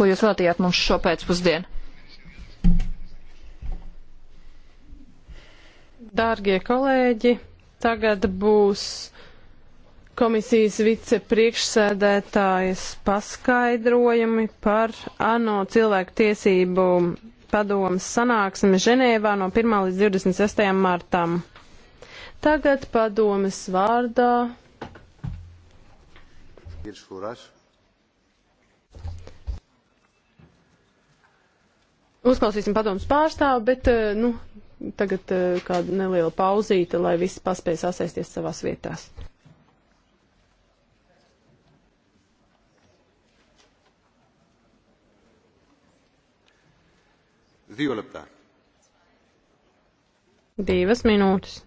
ko jūs veltījāt mums šo pēcpusdienu. Dārgie kolēģi, tagad būs komisijas vicepriekšsēdētājas paskaidrojumi par ANO cilvēku tiesību padomas sanāksmi Ženēvā no 1. līdz 26. martam. Tagad padomas vārdā. Ir šūraši. Uzklausīsim padomus pārstāvu, bet, eh, nu, tagad eh, kāda neliela pauzīte, lai visi paspēj sasēsties savās vietās. Divas minūtes.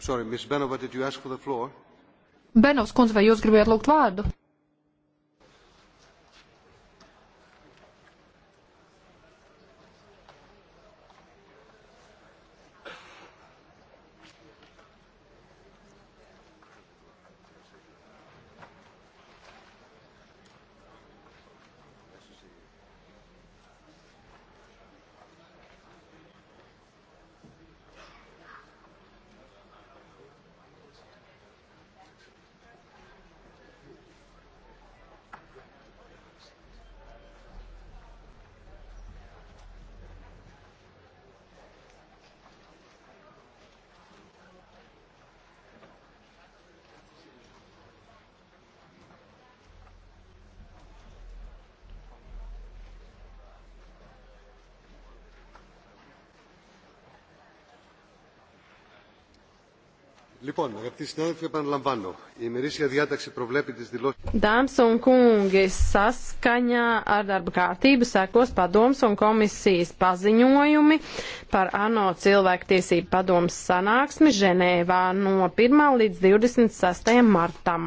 Sorry, Benova, Benovs kundze, vai jūs gribējāt lūgt vārdu? Λοιπόν, αγαπητοί συνάδελφοι, επαναλαμβάνω. Η ημερήσια διάταξη προβλέπει τις δηλώσεις... Dāmas un kungi, saskaņā ar darba kārtību sekos padoms un komisijas paziņojumi par ANO cilvēktiesību padomas sanāksmi Ženēvā no 1. līdz 26. martam.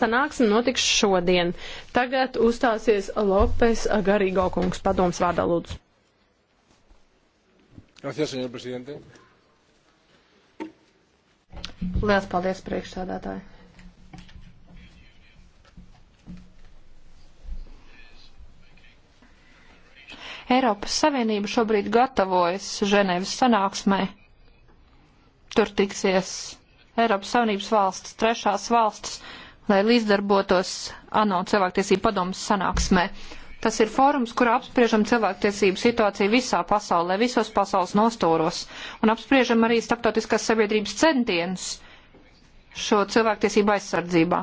Sanāksme notiks šodien. Tagad uzstāsies Lopes Garīgo kungs padoms vārdā lūdzu. Gracias, señor presidente. Lielas paldies, priekšsādātāji! Eiropas Savienība šobrīd gatavojas Ženēvas sanāksmē. Tur tiksies Eiropas Savienības valsts, trešās valsts, lai līdzdarbotos ANO cilvēktiesību padomas sanāksmē. Tas ir fórums, kur apspriežam cilvēktiesību situāciju visā pasaulē, visos pasaules nostūros, un apspriežam arī starptautiskās sabiedrības centienus šo cilvēktiesību aizsardzībā.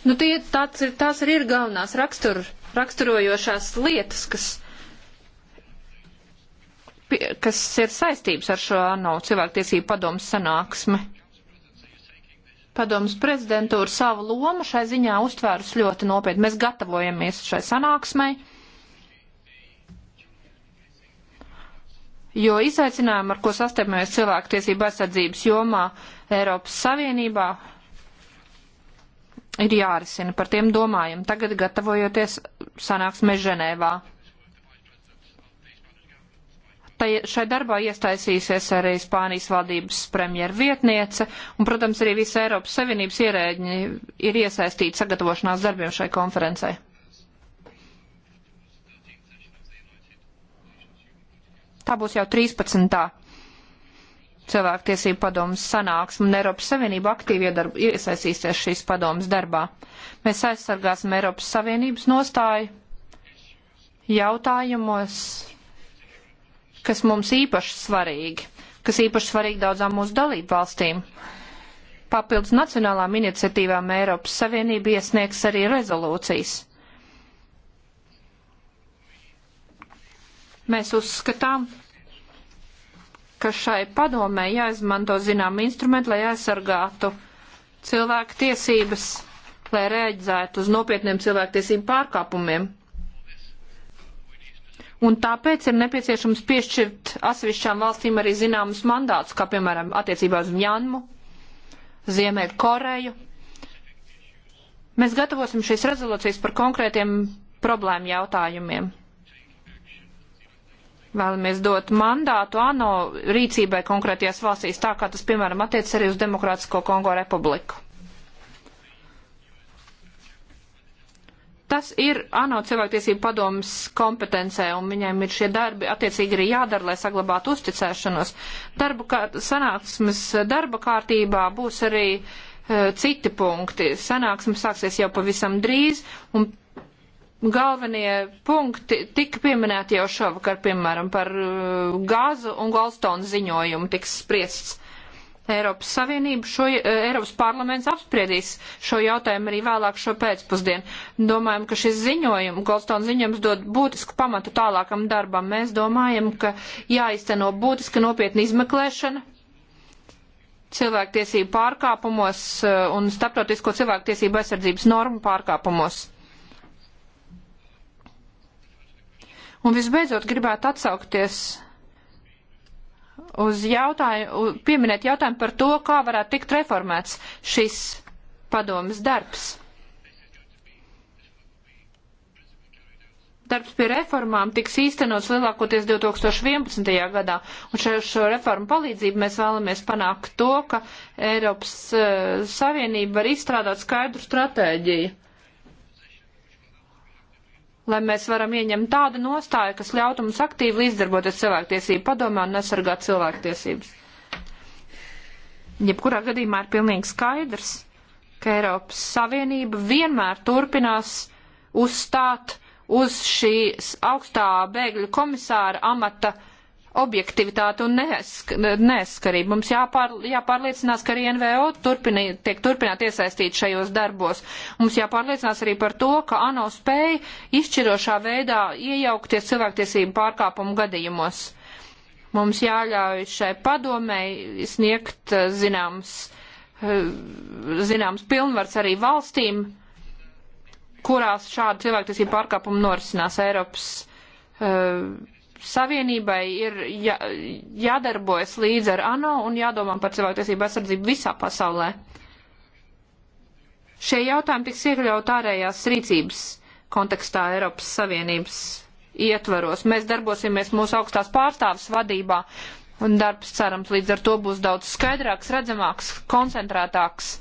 Nu, tie, tāds ir, tās arī ir galvenās rakstur, raksturojošās lietas, kas, pie, kas ir saistības ar šo ANO cilvēktiesību padomu sanāksmi padomas prezidentūra savu lomu šai ziņā uztvērus ļoti nopietni. Mēs gatavojamies šai sanāksmai, jo izaicinājumi, ar ko sastapamies cilvēktiesību aizsardzības jomā Eiropas Savienībā, ir jārisina. Par tiem domājam tagad, gatavojoties sanāksmē Ženēvā tai šai darbā iestaisīsies arī Spānijas valdības premjera vietniece, un, protams, arī visa Eiropas Savienības ierēģi ir iesaistīti sagatavošanās darbiem šai konferencei. Tā būs jau 13. cilvēktiesību padomas sanāksme, un Eiropas Savienība aktīvi iedarb, iesaistīsies šīs padomas darbā. Mēs aizsargāsim Eiropas Savienības nostāju jautājumos kas mums īpaši svarīgi, kas īpaši svarīgi daudzām mūsu dalību valstīm. Papildus nacionālām iniciatīvām Eiropas Savienība iesniegs arī rezolūcijas. Mēs uzskatām, ka šai padomē jāizmanto zinām instrumenti, lai aizsargātu cilvēku tiesības, lai reaģētu uz nopietniem cilvēku tiesību pārkāpumiem un tāpēc ir nepieciešams piešķirt asvišķām valstīm arī zināmus mandātus, kā piemēram attiecībā uz Mjanmu, Ziemēļu Koreju. Mēs gatavosim šīs rezolūcijas par konkrētiem problēmu jautājumiem. Vēlamies dot mandātu ANO rīcībai konkrētajās valstīs, tā kā tas, piemēram, attiec arī uz Demokrātisko Kongo republiku. Tas ir ANO cilvēktiesību padomas kompetencē, un viņiem ir šie darbi attiecīgi arī jādara, lai saglabātu uzticēšanos. Darba kārt, sanāksmes darba kārtībā būs arī uh, citi punkti. Sanāksme sāksies jau pavisam drīz, un galvenie punkti tika pieminēti jau šovakar, piemēram, par uh, gāzu un Goldstone ziņojumu tiks spriests. Eiropas Savienību. Šo, eh, Eiropas parlaments apspriedīs šo jautājumu arī vēlāk šo pēcpusdienu. Domājam, ka šis ziņojums, Goldstone ziņojums, dod būtisku pamatu tālākam darbam. Mēs domājam, ka jāizteno būtiska nopietna izmeklēšana cilvēktiesību pārkāpumos eh, un starptautisko cilvēktiesību aizsardzības normu pārkāpumos. Un visbeidzot gribētu atsaukties uz jautāju, pieminēt jautājumu par to, kā varētu tikt reformēts šis padomas darbs. Darbs pie reformām tiks īstenots lielākoties 2011. gadā, un ar šo reformu palīdzību mēs vēlamies panākt to, ka Eiropas uh, Savienība var izstrādāt skaidru stratēģiju lai mēs varam ieņemt tādu nostāju, kas ļautu mums aktīvi līdzdarboties cilvēktiesību padomē un nesargāt cilvēktiesības. Jebkurā gadījumā ir pilnīgi skaidrs, ka Eiropas Savienība vienmēr turpinās uzstāt uz šīs augstā bēgļu komisāra amata uh, objektivitāti un neskarību. Mums jāpār, jāpārliecinās, ka arī NVO turpinī, tiek turpināt iesaistīt šajos darbos. Mums jāpārliecinās arī par to, ka ANO spēja izšķirošā veidā iejaukties cilvēktiesību pārkāpumu gadījumos. Mums jāļauj šai padomei sniegt eh, zināms, eh, zināms pilnvars arī valstīm, kurās šādi cilvēktiesību pārkāpumi norisinās Eiropas uh, Savienībai ir jā, jādarbojas līdz ar ANO un jādomā par cilvēktiesību aizsardzību visā pasaulē. Šie jautājumi tiks iekļaut ārējās rīcības kontekstā Eiropas Savienības ietvaros. Mēs darbosimies mūsu augstās pārstāvis vadībā un darbs cerams līdz ar to būs daudz skaidrāks, redzamāks, koncentrētāks.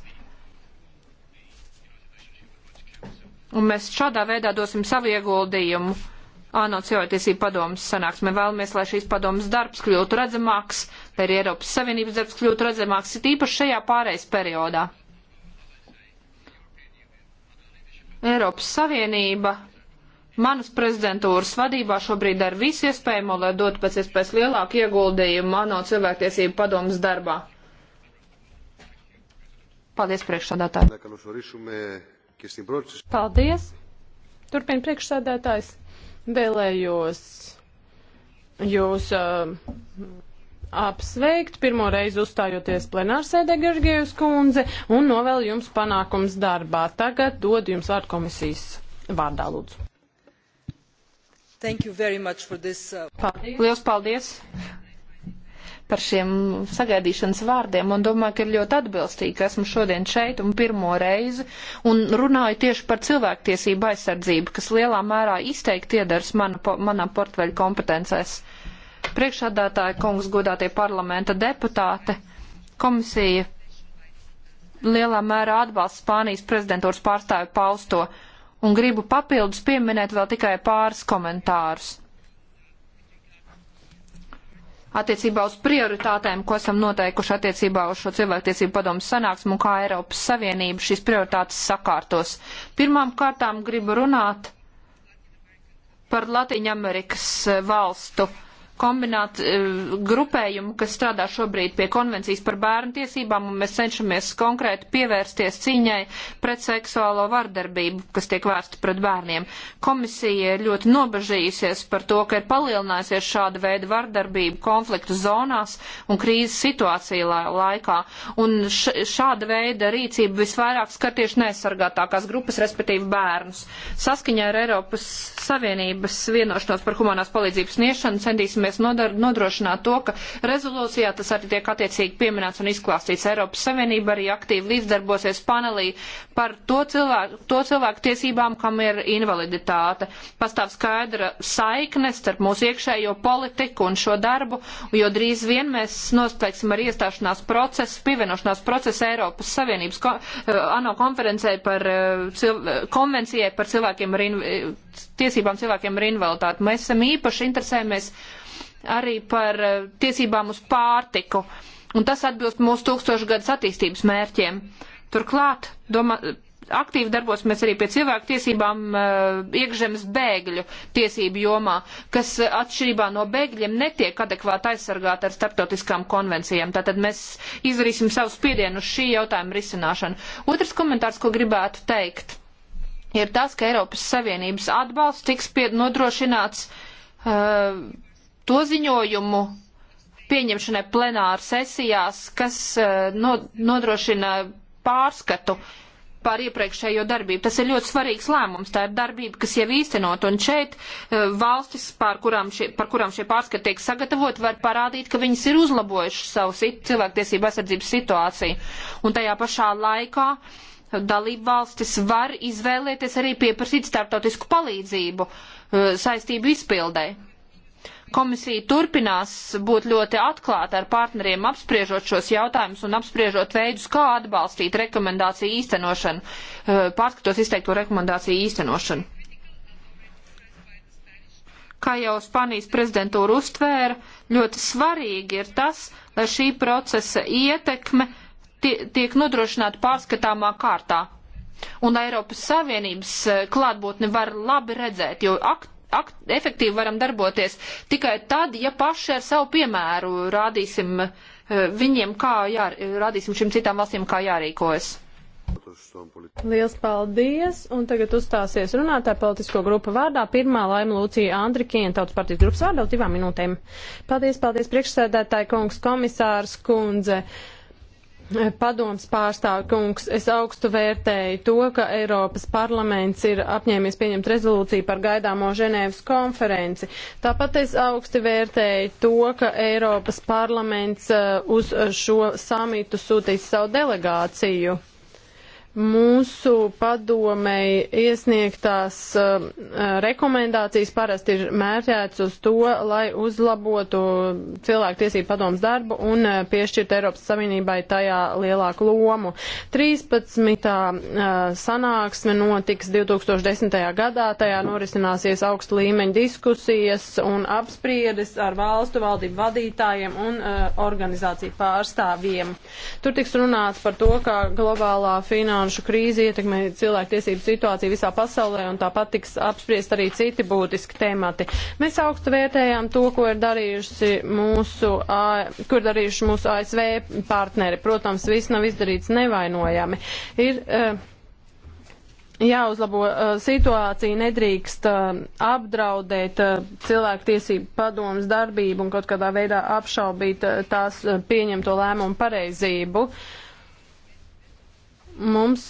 Un mēs šādā veidā dosim savu ieguldījumu ANO cilvēktiesību padomas sanāksmē. Vēlamies, lai šīs padomas darbs kļūtu redzamāks, lai arī Eiropas Savienības darbs kļūtu redzamāks, it īpaši šajā pārejas periodā. Eiropas Savienība manas prezidentūras vadībā šobrīd dara visu iespējamo, lai dotu pēc iespējas lielāku ieguldījumu ANO cilvēktiesību padomas darbā. Paldies, priekšsādātāji. Paldies. Turpin priekšsādātājs. Vēlējos jūs uh, apsveikt pirmo reizi uzstājoties plenārsēdē Gergiejas kundze un novēl jums panākums darbā. Tagad dod jums vārdu komisijas vārdā, lūdzu. Thank you very much for this. Uh... Paldies. Liels paldies par šiem sagaidīšanas vārdiem un domāju, ka ir ļoti atbilstīgi, ka esmu šodien šeit un pirmo reizi un runāju tieši par cilvēktiesību aizsardzību, kas lielā mērā izteikti iedars mana, manā portveļu kompetencēs. Priekšādātāja kungs, godātie parlamenta deputāte, komisija lielā mērā atbalsta Spānijas prezidentūras pārstāvi pausto un gribu papildus pieminēt vēl tikai pāris komentārus attiecībā uz prioritātēm, ko esam noteikuši attiecībā uz šo cilvēktiesību padomu sanāksmu, kā Eiropas Savienība šīs prioritātes sakārtos. Pirmām kārtām gribu runāt par Latīņamerikas valstu uh, kombināt e, grupējumu, kas strādā šobrīd pie konvencijas par bērnu tiesībām, un mēs cenšamies konkrēti pievērsties cīņai pret seksuālo vardarbību, kas tiek vērsta pret bērniem. Komisija ir ļoti nobežījusies par to, ka ir palielinājusies šāda veida vardarbība konfliktu zonās un krīzes situācijā laikā, un šāda veida rīcība visvairāk skar tieši nesargātākās grupas, respektīvi bērnus. Saskaņā ar Eiropas Savienības vienošanos par humanās palīdzības sniešanu centīsimies vēlamies nodar, nodrošināt to, ka rezolūcijā tas arī tiek attiecīgi pieminēts un izklāstīts. Eiropas Savienība arī aktīvi līdzdarbosies panelī par to cilvēku, to cilvēku tiesībām, kam ir invaliditāte. Pastāv skaidra saikne starp mūsu iekšējo politiku un šo darbu, jo drīz vien mēs noslēgsim ar iestāšanās procesu, pievienošanās procesu Eiropas Savienības ko, eh, ANO konferencē par, eh, konvencijai par cilvēkiem ar invaliditāti tiesībām cilvēkiem ar invaliditāti. Mēs esam īpaši interesējamies arī par eh, tiesībām uz pārtiku, un tas atbilst mūsu tūkstošgadus attīstības mērķiem. Turklāt, domā, aktīvi darbosimies arī pie cilvēku tiesībām eh, iekšzemes bēgļu tiesību jomā, kas atšķirībā no bēgļiem netiek adekvāti aizsargāti ar starptautiskām konvencijām. Tātad mēs izdarīsim savu spiedienu uz šī jautājuma risināšanu. Otrs komentārs, ko gribētu teikt ir tas, ka Eiropas Savienības atbalsts tiks nodrošināts uh, to ziņojumu pieņemšanai plenāra sesijās, kas uh, no, nodrošina pārskatu par iepriekšējo darbību. Tas ir ļoti svarīgs lēmums, tā ir darbība, kas jau īstenot, un šeit uh, valstis, par kurām, šie, par kurām šie pārskati tiek sagatavot, var parādīt, ka viņas ir uzlabojušas savu cilvēktiesību aizsardzības situāciju. Un tajā pašā laikā uh, dalību valstis var izvēlēties arī pieprasīt starptautisku palīdzību eh, saistību izpildē. Komisija turpinās būt ļoti atklāta ar partneriem, apspriežot šos jautājumus un apspriežot veidus, kā atbalstīt rekomendāciju īstenošanu, eh, pārskatot izteikto rekomendāciju īstenošanu kā jau Spānijas prezidentūra uztvēra, ļoti svarīgi ir tas, lai šī procesa ietekme tie, tiek nodrošināti pārskatāmā kārtā. Un Eiropas Savienības eh, klātbūtni var labi redzēt, jo akt, akt, efektīvi varam darboties tikai tad, ja paši ar savu piemēru rādīsim eh, viņiem, kā jā, rādīsim šīm citām valstīm, kā jārīkojas. Liels paldies! Un tagad uzstāsies runātāja politisko grupu vārdā. Pirmā laima Lūcija Andrikiena, Tautas partijas grupas vārdā, divām minūtēm. Paldies, paldies, priekšsēdētāji, kungs, komisārs, kundze. Uh, Padoms pārstāv kungs, es augstu vērtēju to, ka Eiropas parlaments ir apņēmies pieņemt rezolūciju par gaidāmo Ženēvas konferenci. Tāpat es augstu vērtēju to, ka Eiropas parlaments eh, uz šo samitu sūtīs savu delegāciju mūsu padomei iesniegtās um, uh, rekomendācijas parasti ir mērķēts uz to, lai uzlabotu cilvēktiesību padomas darbu un uh, piešķirt Eiropas Savienībai tajā lielāku lomu. 13. Uh, sanāksme notiks 2010. gadā, tajā norisināsies augsta līmeņa diskusijas un apspriedes ar valstu valdību vadītājiem un uh, organizāciju pārstāvjiem. Tur tiks runāts par to, kā globālā finanses finanšu krīze ietekmē cilvēktiesību situāciju visā pasaulē un tāpat tiks apspriest arī citi būtiski temati. Mēs augstu vērtējām to, ko ir darījuši mūsu, ko ir darījuši mūsu ASV partneri. Protams, viss nav izdarīts nevainojami. Ir, uh, jāuzlabo e, situācija, nedrīkst e, apdraudēt cilvēktiesību padomas darbību un kaut kādā veidā apšaubīt tās pieņemto lēmumu pareizību. Uh, Mums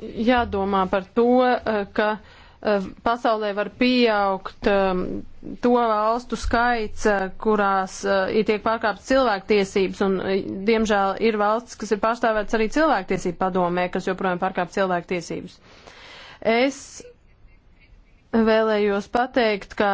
jādomā par to, eh, ka eh, pasaulē var pieaugt eh, to valstu skaits, kurās ir tiek pārkāptas cilvēktiesības, un diemžēl ir valsts, kas ir pārstāvēts arī cilvēktiesību padomē, kas joprojām pārkāp cilvēktiesības. Es Vēlējos pateikt, ka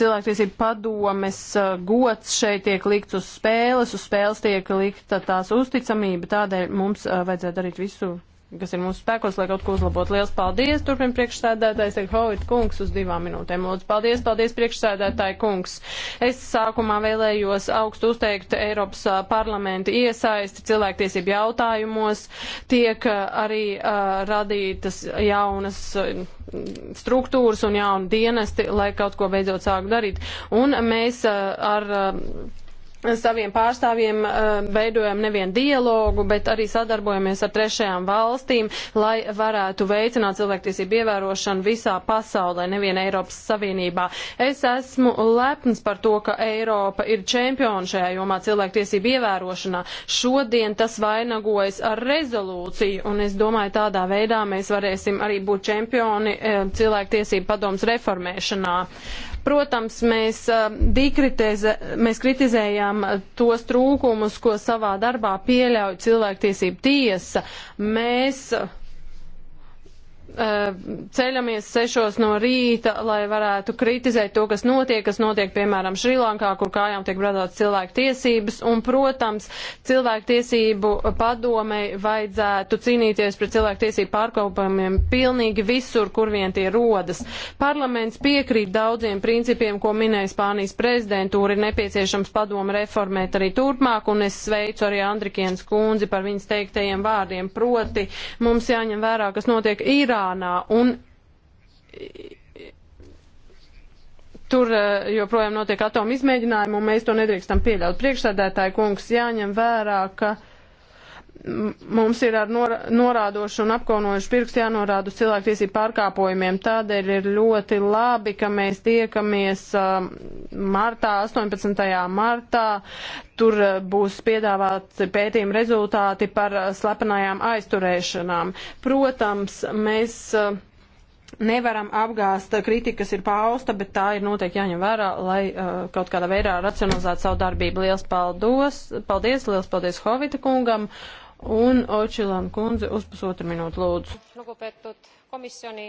cilvēktiesība padomes uh, gods šeit tiek likts uz spēles, uz spēles tiek likta tās uzticamība, tādēļ mums uh, vajadzētu darīt visu, kas ir mūsu spēkos, lai kaut ko uzlabotu. Liels paldies! Turpin priekšsēdētājs ir Hovita kungs uz divām minūtēm. Lūdzu, paldies, paldies priekšsēdētāji kungs! Es sākumā vēlējos augstu uzteikt Eiropas parlamenta iesaisti cilvēktiesību jautājumos. Tiek arī uh, radītas jaunas struktūras un jauni dienesti, lai kaut ko beidzot sāku darīt. Un mēs uh, ar. Uh, saviem pārstāvjiem eh, veidojam nevienu dialogu, bet arī sadarbojamies ar trešajām valstīm, lai varētu veicināt cilvēktiesību ievērošanu visā pasaulē, nevien Eiropas Savienībā. Es esmu lepns par to, ka Eiropa ir čempiona šajā jomā cilvēktiesību ievērošanā. Šodien tas vainagojas ar rezolūciju, un es domāju, tādā veidā mēs varēsim arī būt čempioni eh, cilvēktiesību padoms reformēšanā. Uh, Protams, mēs, eh, mēs kritizējām eh, tos trūkumus, ko savā darbā pieļauj cilvēktiesība tiesa. Mēs Eh, ceļamies sešos no rīta, lai varētu kritizēt to, kas notiek, kas notiek, piemēram, Šrilankā, kur kājām tiek bradāts cilvēku tiesības, un, protams, cilvēku tiesību padomei vajadzētu cīnīties pret cilvēku tiesību pārkopumiem pilnīgi visur, kur vien tie rodas. Parlaments piekrīt daudziem principiem, ko minēja Spānijas prezidentūra, ir nepieciešams padomu reformēt arī turpmāk, un es sveicu arī Andrikienas kundzi par viņas teiktajiem vārdiem, proti mums jāņem vērā, kas notiek īrā, Irānā un tur eh, joprojām notiek atomu izmēģinājumi un mēs to nedrīkstam pieļaut. Priekšsēdētāji kungs jāņem vērā, ka mums ir ar norādošu un apkaunojušu pirkstu jānorāda uz cilvēktiesību pārkāpojumiem. Tādēļ ir ļoti labi, ka mēs tiekamies um, martā, 18. martā. Tur uh, būs piedāvāts pētījuma rezultāti par uh, slepenajām aizturēšanām. Protams, mēs uh, nevaram apgāst kritiku, kas ir pausta, bet tā ir noteikti jāņem vērā, lai uh, kaut kādā veidā racionalizētu savu darbību. Liels paldos, paldies, liels paldies Hovita kungam. Uh, un Očilan kundze uz pusotru minūtu lūdzu. Lugupeetud komisjoni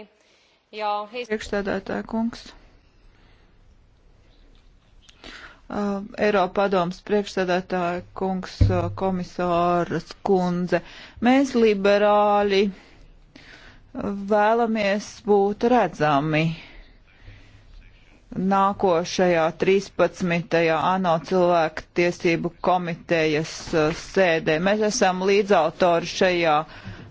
ja... Priekšstādātāja kungs. Uh, Eiropadoms priekšsēdētāja kungs uh, komisāras kundze. Mēs liberāļi vēlamies būt redzami nākošajā 13. ANO cilvēku tiesību komitejas uh, sēdē. Mēs esam līdzautori šajā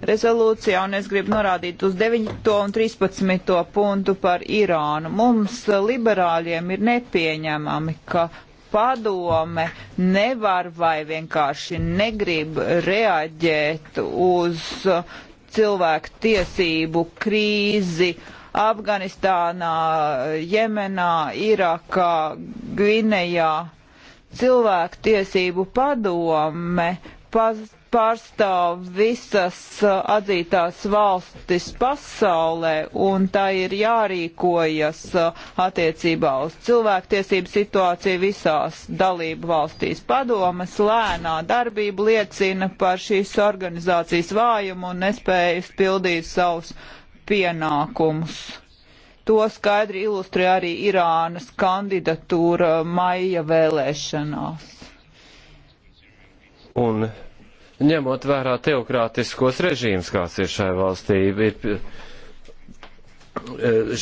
rezolūcijā un es gribu norādīt uz 9. un 13. punktu par Irānu. Mums uh, liberāļiem ir nepieņemami, ka padome nevar vai vienkārši negrib reaģēt uz uh, cilvēku tiesību krīzi uh, Afganistānā, Jemenā, Irākā, Gvinējā. Cilvēku tiesību padome pārstāv visas uh, atzītās valstis pasaulē, un tā ir jārīkojas uh, attiecībā uz cilvēktiesību situāciju visās dalību valstīs. Padomas lēnā darbība liecina par šīs organizācijas vājumu un nespējas pildīt savus pienākumus. To skaidri ilustrē arī Irānas kandidatūra maija vēlēšanās. Un ņemot vērā teokrātiskos režīmus, kāds ir šai valstī, ir,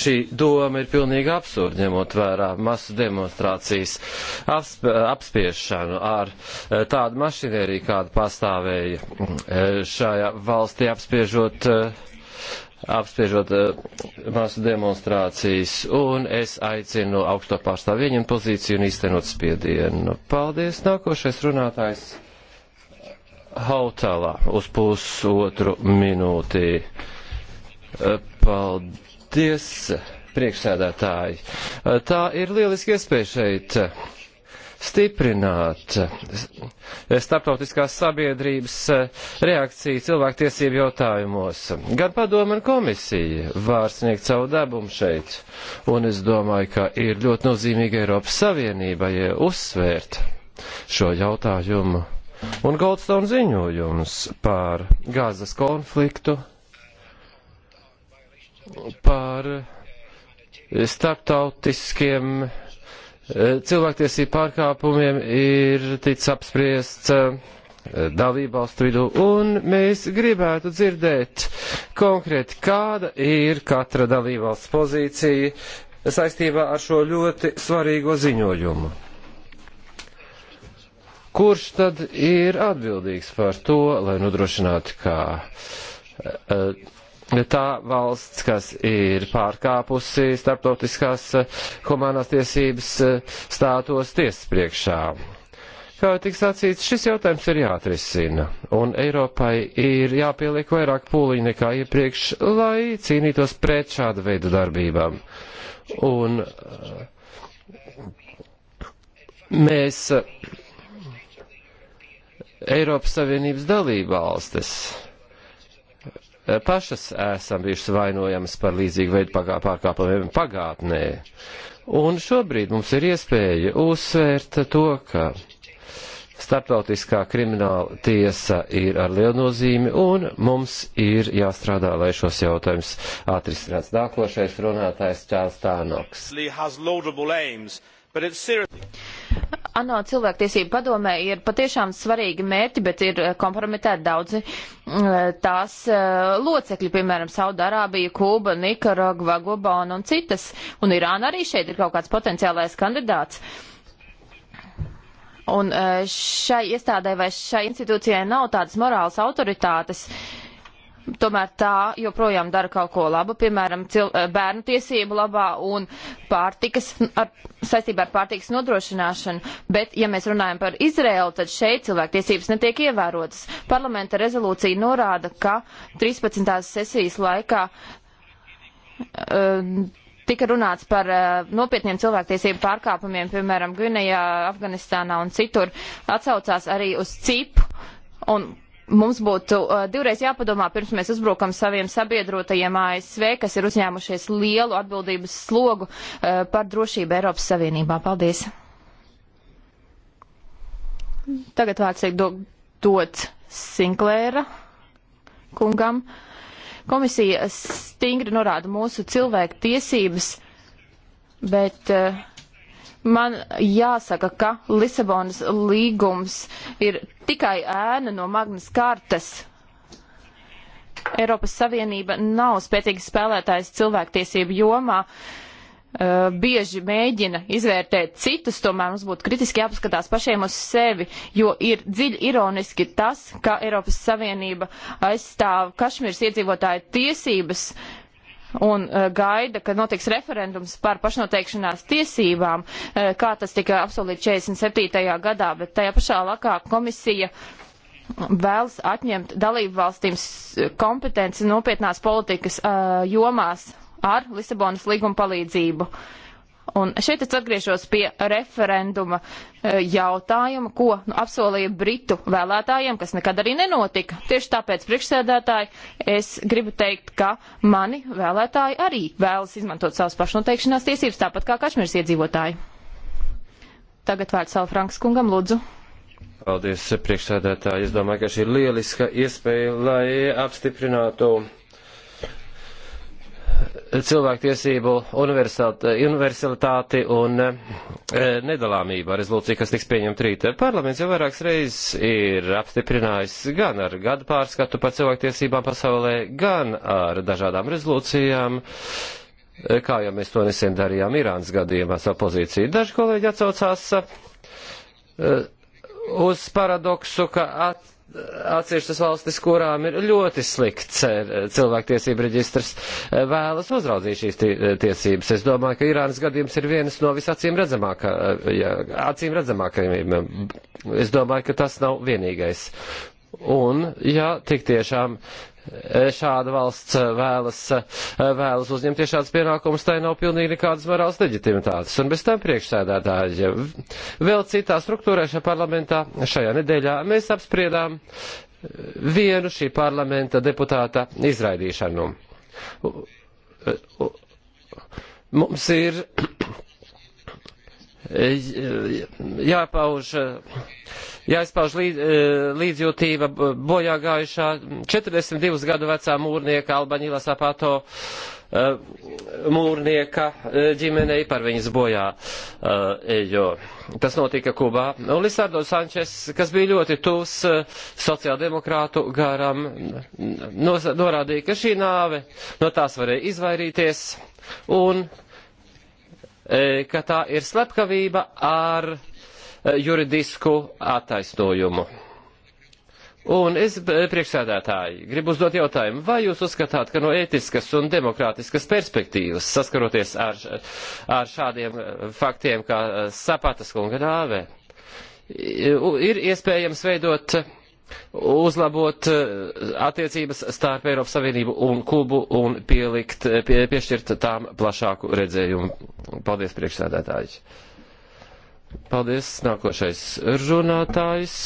šī doma ir pilnīgi absurda, ņemot vērā masu demonstrācijas apsp apspiešanu ar eh, tādu mašinēriju, kāda pastāvēja eh, šajā valstī apspiežot eh, apspiežot eh, masu demonstrācijas, un es aicinu augsto pārstāvu viņam pozīciju un īstenot spiedienu. Paldies, nākošais runātājs Hautalā uz pusotru minūti. Eh, paldies, priekšsēdētāji. Eh, tā ir lieliski iespēja šeit stiprināt starptautiskās sabiedrības reakciju cilvēktiesību jautājumos. Gan padoma un komisija var sniegt savu debumu šeit, un es domāju, ka ir ļoti nozīmīgi Eiropas Savienībai ja uzsvērt šo jautājumu. Un Goldstone ziņojums par Gāzes konfliktu, par starptautiskiem cilvēktiesību pārkāpumiem ir ticis apspriests eh, dalībvalstu vidū, un mēs gribētu dzirdēt konkrēti, kāda ir katra dalībvalsts pozīcija saistībā ar šo ļoti svarīgo ziņojumu. Kurš tad ir atbildīgs par to, lai nodrošinātu, kā uh, eh, tā valsts, kas ir pārkāpusi starptautiskās eh, humanās tiesības eh, stātos tiesas priekšā. Kā jau tik sacīts, šis jautājums ir jāatrisina, un Eiropai ir jāpieliek vairāk pūliņu nekā iepriekš, lai cīnītos pret šādu veidu darbībām. Un eh, mēs Eiropas Savienības dalībvalstis Eh, pašas esam bijušas vainojamas par līdzīgu veidu pārkāpumiem pagātnē. Un šobrīd mums ir iespēja uzsvērt to, ka starptautiskā krimināla tiesa ir ar lielu nozīmi un mums ir jāstrādā, lai šos jautājumus atrisināts. Nākošais runātājs Čāls Tānoks. ANO cilvēktiesību padomē ir patiešām svarīgi mērķi, bet ir eh, kompromitēti daudzi mm, eh, tās eh, locekļi, piemēram, Saudārābija, Kuba, Nikaragva, Gobona un citas. Un Irāna arī šeit ir kaut kāds potenciālais kandidāts. Un šai iestādē vai šai institūcijai nav tādas morālas autoritātes, uh, tomēr tā joprojām dara kaut ko labu, piemēram, cil, eh, bērnu tiesību labā un pārtikas, ar, saistībā ar pārtikas nodrošināšanu. Bet, ja mēs runājam par Izraelu, tad šeit cilvēktiesības netiek ievērotas. Parlamenta rezolūcija norāda, ka 13. sesijas laikā. Uh, tika runāts par uh, nopietniem cilvēktiesību pārkāpumiem, piemēram, Gvinējā, Afganistānā un citur, atsaucās arī uz CIP un mums būtu uh, divreiz jāpadomā, pirms mēs uzbrukam saviem sabiedrotajiem ASV, kas ir uzņēmušies lielu atbildības slogu uh, par drošību Eiropas Savienībā. Paldies! Tagad vārds tiek do, dots Sinklēra kungam. Komisija stingri norāda mūsu cilvēku tiesības, bet. Uh, man jāsaka, ka Lisabonas līgums ir tikai ēna no Magnas kartes. Eiropas Savienība nav spēcīgs spēlētājs cilvēktiesību jomā. Uh, bieži mēģina izvērtēt citus, tomēr mums būtu kritiski jāpaskatās pašiem uz sevi, jo ir dziļi ironiski tas, ka Eiropas Savienība aizstāv Kašmīras iedzīvotāju tiesības, uh, un uh, gaida, kad notiks referendums par pašnoteikšanās tiesībām, uh, kā tas tika apsolīts 47. gadā, bet tajā pašā lakā komisija vēlas atņemt dalību valstīm kompetenci nopietnās politikas uh, jomās ar Lisabonas līguma palīdzību. Uh, Un šeit es atgriežos pie referenduma e, jautājuma, ko nu, apsolīja Britu vēlētājiem, kas nekad arī nenotika. Tieši tāpēc, priekšsēdētāji, es gribu teikt, ka mani vēlētāji arī vēlas izmantot savas pašnoteikšanās tiesības, tāpat kā Kašmirs iedzīvotāji. Tagad vārds savu Franks kungam, lūdzu. Paldies, priekšsēdētāji. Es domāju, ka šī ir lieliska iespēja, lai apstiprinātu cilvēktiesību universalitāti un e, nedalāmību ar rezolūciju, kas tiks pieņemta rīt. Parlaments jau vairākas reizes ir apstiprinājis gan ar gadu pārskatu par cilvēktiesībām pasaulē, gan ar dažādām rezolūcijām, eh, kā jau mēs to nesen darījām Irānas gadījumā savu pozīciju. Daži kolēģi atsaucās e, uz paradoksu, ka at atsevišķas valstis, kurām ir ļoti slikts eh, cilvēktiesību reģistrs, eh, vēlas uzraudzīt šīs eh, tiesības. Es domāju, ka Irānas gadījums ir viens no visacīm redzamākā, jā, acīm redzamākajiem. Es domāju, ka tas nav vienīgais. Un, ja tik tiešām E, šāda valsts e, vēlas, e, vēlas uzņemties šādas pienākumus, tai nav pilnīgi nekādas morāls leģitimitātes. Un bez tam priekšsēdētāji, vēl citā struktūrā šajā parlamentā šajā nedēļā mēs apspriedām vienu šī parlamenta deputāta izraidīšanu. Mums ir jāpauž, jāizpauž līdz, e, līdzjūtība bojā gājušā 42 gadu vecā mūrnieka Albaņila Sapato e, mūrnieka e, ģimenei par viņas bojā ejo. Tas notika Kubā. Un Lisardo Sančes, kas bija ļoti tūs sociāldemokrātu garam, norādīja, ka šī nāve no tās varēja izvairīties un E, ka tā ir slepkavība ar e, juridisku attaisnojumu. Un es, e, priekšsēdētāji, gribu uzdot jautājumu, vai jūs uzskatāt, ka no ētiskas un demokrātiskas perspektīvas, saskaroties ar, ar šādiem faktiem kā sapatas kunga dāvē, ir iespējams veidot uzlabot eh, attiecības starp Eiropas Savienību un Kubu un pielikt, eh, pie, piešķirt tām plašāku redzējumu. Paldies, priekšsēdētāji. Paldies, nākošais runātājs.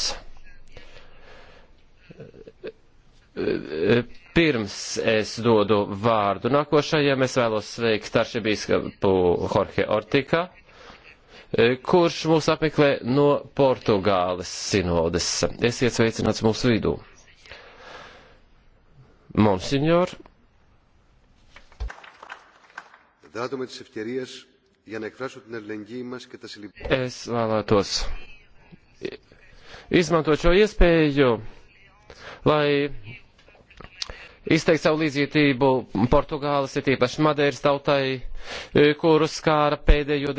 Eh, Pirms es dodu vārdu nākošajam, es vēlos sveikt staršibīskapu Jorge Ortika kurš mūs apmeklē no Portugāles sinodes. Esiet sveicināts mūsu vidū. Monsignor. Es vēlētos izmantot šo iespēju, lai izteikt savu līdzjūtību Portugāles, ir tīpaši Madeiras tautai, kuru skāra pēdējo dienu.